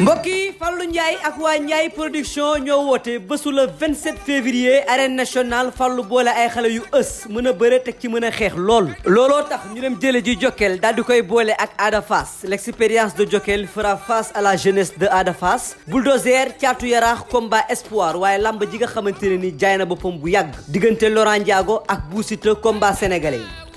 mbokk yi Fallou Ndiaye ak waa Ndiaye production ñoo woote bésu le 27 février arène nationale Fallou boole ay xale yu ës mën a bëre teg ci mën a xeex lool. looloo tax ñu dem jële ji Jokal daal di koy boole ak Ada Fass l'expérience de Jokal fera face à la jeunesse de Ada Fass bulldozer caatu yaraax combat espoir waaye lamb ji nga xamante ne ni jaay na boppam bu yàgg diggante Laurent Ndiago ak Bou Siteu combat sénégalais yi.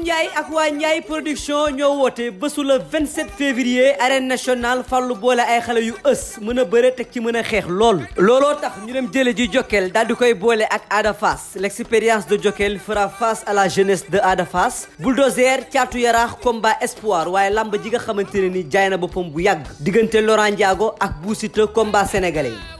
Ndiaye ak waa Ndiaye production ñoo woote bésu le 27 février arène nationale fàllu boole ay xale yu ës mën a bëre teg ci mën a xeex lool. looloo tax ñu dem jële ji Jokal daal di koy boole ak Ada Fass l'expérience de Jokal fra face à la jeunesse de Ada Fass bulldozer caatu yaraax combat espoir waaye lamb ji nga xamante ne ni jaay na boppam bu yàgg diggante Laurent Ndiago ak Bou Siteu combat sénégalais.